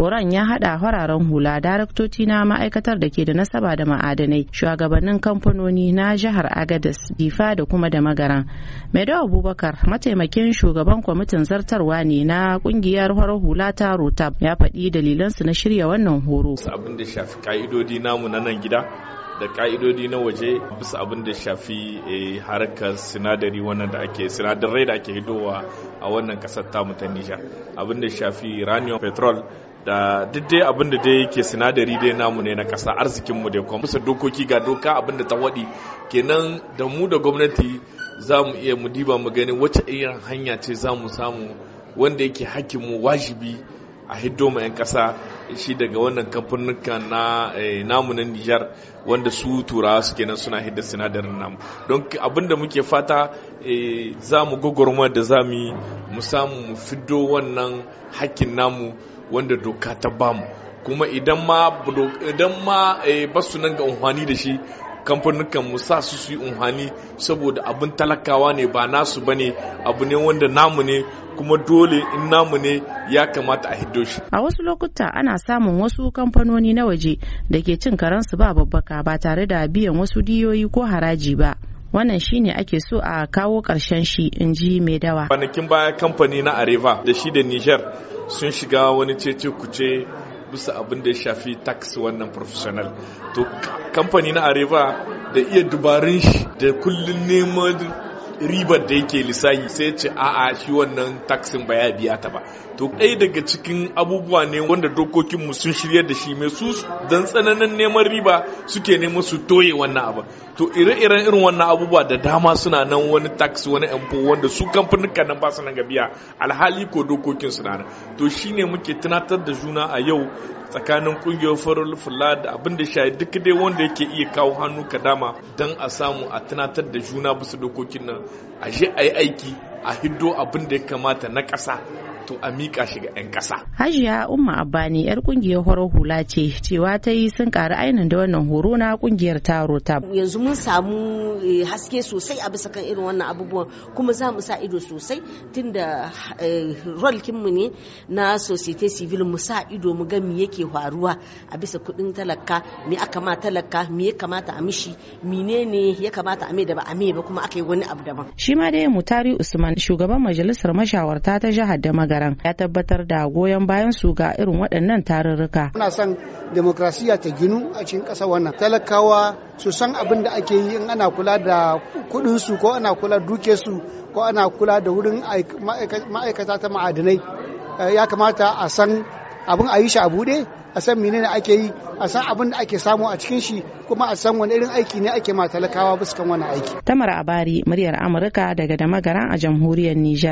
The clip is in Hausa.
horon ya hada fararen hula daraktoci na ma'aikatar da ke da nasaba da ma'adanai shugabannin kamfanoni na jihar agadas difa da kuma da magaran maido abubakar mataimakin shugaban kwamitin zartarwa ne na kungiyar horar hula ta rotab ya faɗi dalilan su na shirya wannan horo abin da shafi ka'idodi namu na nan gida da ka'idodi na waje bisa abin da shafi eh, harkar sinadari wannan da ake sinadarai da ake hidowa a wannan kasar tamu ta Nijar abin da shafi uranium petrol da duk abin da dai yake sinadari dai namu ne na arzikin arzikinmu dai kuma dokoki ga doka abin da ta waɗi kenan da mu da gwamnati za mu iya mu diba mu gani wacce irin hanya ce za mu samu wanda yake hakkin mu wajibi a hiddo ma 'yan kasa. shi daga wannan kamfanuka na eh, namu na Nijar wanda su turawa suke nan suna hidda sinadarin namu don abinda muke fata eh, za mu gogorma da za mu yi mu samu mu fiddo wannan hakkin namu wanda doka ta bamu kuma idan ma idan ma eh, ba su nan ga unhwani da shi kamfanin mu sa su su yi unhani saboda abin talakawa ne ba nasu bane abu ne wanda namu ne kuma dole in namu ne ya kamata a hiddo shi a wasu lokuta ana samun wasu kamfanoni na waje da ke cin karansu ba babbaka ba tare da biyan wasu diyoyi ko haraji ba wannan shine ake so a kawo ƙarshen shi in ji mai dawa kwanakin baya kamfani na areva da shi da niger sun shiga wani cece kuce bisa abin da ya shafi tax wannan professional to kamfani na areva da iya dubarun shi da kullum neman ribar da yake lissahi sai ce a'a shi wannan taksin baya biya ta ba to ɗaya daga cikin abubuwa ne wanda dokokin mu sun shirya da shi mai su dan tsananin neman riba suke neman su toye wannan abu to ire-iren irin wannan abubuwa da dama suna nan wani tax wani empo wanda su kamfanin nan ba su nan biya alhali ko dokokin su nan to shine muke tunatar da juna a yau tsakanin kungiyar farar fula da abin da shayi duk dai wanda yake iya kawo hannu ka dama don a samu a tunatar da juna bisa dokokin nan a je a yi aiki a hiddo abin da ya kamata na ƙasa wato a miƙa shi ga 'yan kasa. Hajiya Umma ne 'yar kungiyar horo hula ce cewa ta yi sun ƙari ainihin da wannan horo na kungiyar taro ta. Yanzu mun samu eh, haske sosai a bisa kan irin wannan abubuwan kuma za mu sa ido sosai tunda eh, rol kinmu ne na societe civil mu sa ido mu ga me yake faruwa a bisa kuɗin talaka me aka ma talaka me ya kamata a mishi menene ya kamata a mai da ba a mai ba kuma aka yi wani abu daban. Shi ma dai Mutari Usman shugaban majalisar mashawarta ta jihar da taron ya tabbatar da goyon bayan su ga irin waɗannan tarurruka. Muna son demokrasiya ta ginu a cikin ƙasa wannan. Talakawa su san abin da ake yi in ana kula da kuɗin su ko ana kula duke su ko ana kula da wurin ma'aikata ta ma'adinai. Eh, ya kamata a san abin a yi shi a buɗe a san menene ake yi a san abin da ake samu a cikin shi kuma a san wani irin aiki ne ake ma talakawa buskan wani aiki. Tamara Abari muryar Amurka daga Damagaran a jamhuriyar Nijar.